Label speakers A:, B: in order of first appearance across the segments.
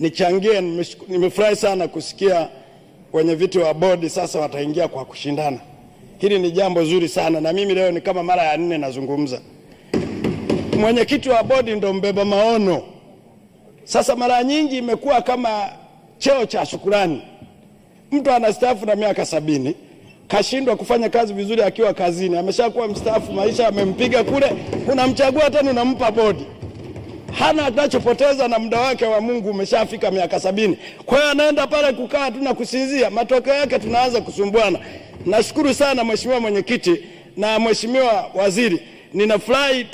A: nichangie. Nimefurahi sana kusikia wenye viti wa bodi sasa wataingia kwa kushindana. Hili ni jambo zuri sana, na mimi leo ni kama mara ya nne nazungumza. Mwenyekiti wa bodi ndo mbeba maono. Sasa mara nyingi imekuwa kama cheo cha shukurani. Mtu anastaafu na miaka sabini, kashindwa kufanya kazi vizuri akiwa kazini, ameshakuwa mstaafu, maisha amempiga kule, unamchagua tena unampa bodi hana atachopoteza na muda wake wa Mungu umeshafika miaka sabini. Kwa hiyo anaenda pale kukaa tu na kusinzia, matokeo yake tunaanza kusumbuana. Nashukuru sana mheshimiwa mwenyekiti na mheshimiwa waziri, ninafurahi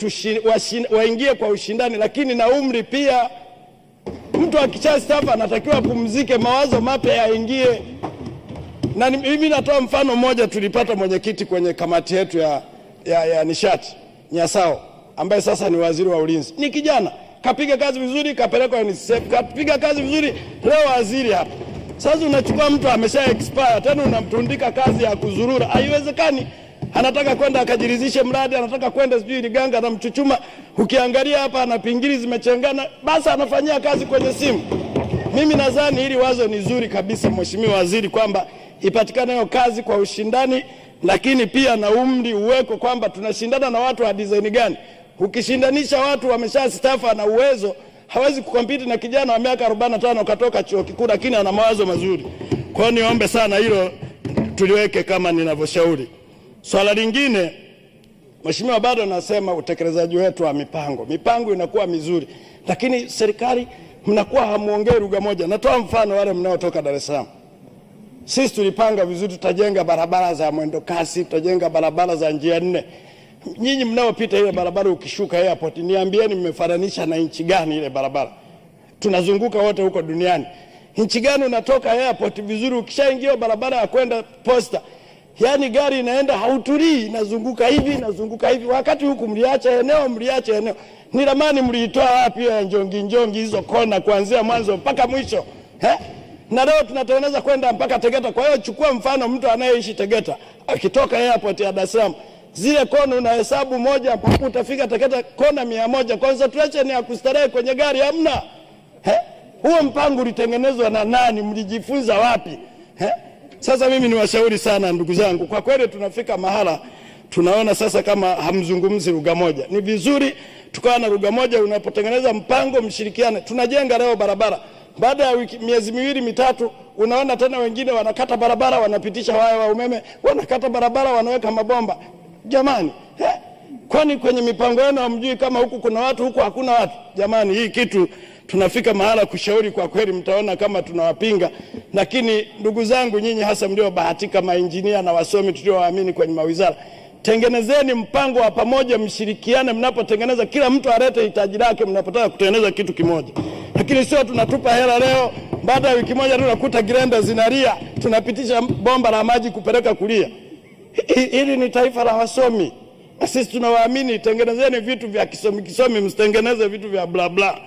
A: waingie kwa ushindani, lakini na umri pia. Mtu akishastaafu anatakiwa apumzike, mawazo mapya yaingie. Na mimi natoa mfano mmoja, tulipata mwenyekiti kwenye kamati yetu ya, ya, ya nishati Nyasao ambaye sasa ni waziri wa ulinzi, ni kijana kapiga kazi vizuri, kapelekwa UNICEF, kapiga kazi vizuri, leo waziri hapa. Sasa unachukua mtu amesha expire, tena unamtundika kazi ya kuzurura, haiwezekani. Anataka kwenda akajirizishe mradi, anataka kwenda sijui Liganga, Mchuchuma, Ukiangalia hapa ana pingili zimechengana, basi anafanyia kazi kwenye simu. Mimi nadhani hili wazo ni zuri kabisa, Mheshimiwa Waziri, kwamba ipatikane hiyo kazi kwa ushindani, lakini pia na umri uweko, kwamba tunashindana na watu wa design gani Ukishindanisha watu wameshastafa na uwezo, hawezi kukompiti na kijana wa miaka 45 katoka chuo kikuu, lakini ana mawazo mazuri. Kwa hiyo niombe sana hilo tuliweke kama ninavyoshauri. Swala lingine, Mheshimiwa, bado nasema utekelezaji wetu wa mipango, mipango inakuwa mizuri, lakini serikali mnakuwa hamuongei lugha moja. Natoa mfano wale mnaotoka Dar es Salaam. Sisi tulipanga vizuri, tutajenga barabara za mwendo kasi, tutajenga barabara za njia nne nyinyi mnaopita ile barabara ukishuka airport, niambieni mmefananisha na nchi gani ile barabara? Tunazunguka wote huko duniani, nchi gani unatoka airport vizuri, ukishaingia barabara ya kwenda posta, yani gari inaenda hautulii, inazunguka hivi inazunguka hivi, wakati huku mliacha eneo mliacha eneo. Ni ramani mliitoa wapi ya njongi njongi hizo kona kuanzia mwanzo mpaka mwisho He? na leo tunatengeneza kwenda mpaka Tegeta. Kwa hiyo chukua mfano mtu anayeishi Tegeta akitoka airport ya Dar es Salaam zile kona unahesabu moja mpaka utafika takata kona mia moja. Concentration ya kustarehe kwenye gari hamna. Huo mpango ulitengenezwa na nani? Mlijifunza wapi? He? Sasa mimi niwashauri sana ndugu zangu, kwa kweli tunafika mahala tunaona sasa kama hamzungumzi lugha moja. Ni vizuri tukawa na lugha moja, unapotengeneza mpango mshirikiane. Tunajenga leo barabara, baada ya miezi miwili mitatu, unaona tena wengine wanakata barabara, wanapitisha waya wa umeme, wanakata barabara, wanaweka mabomba. Jamani he, kwani kwenye mipango yenu hamjui kama huku kuna watu huku hakuna watu? Jamani, hii kitu tunafika mahala kushauri, kwa kweli mtaona kama tunawapinga. Lakini ndugu zangu, nyinyi hasa mliobahatika, mainjinia na wasomi tuliowaamini kwenye mawizara, tengenezeni mpango wa pamoja, mshirikiane mnapotengeneza, kila mtu alete hitaji lake mnapotaka kutengeneza kitu kimoja, lakini sio tunatupa hela leo, baada ya wiki moja tunakuta girenda zinalia, tunapitisha bomba la maji kupeleka kulia. Hili ni taifa la wasomi, na sisi tunawaamini. Tengenezeni vitu vya kisomi kisomi, msitengeneze vitu vya blabla bla.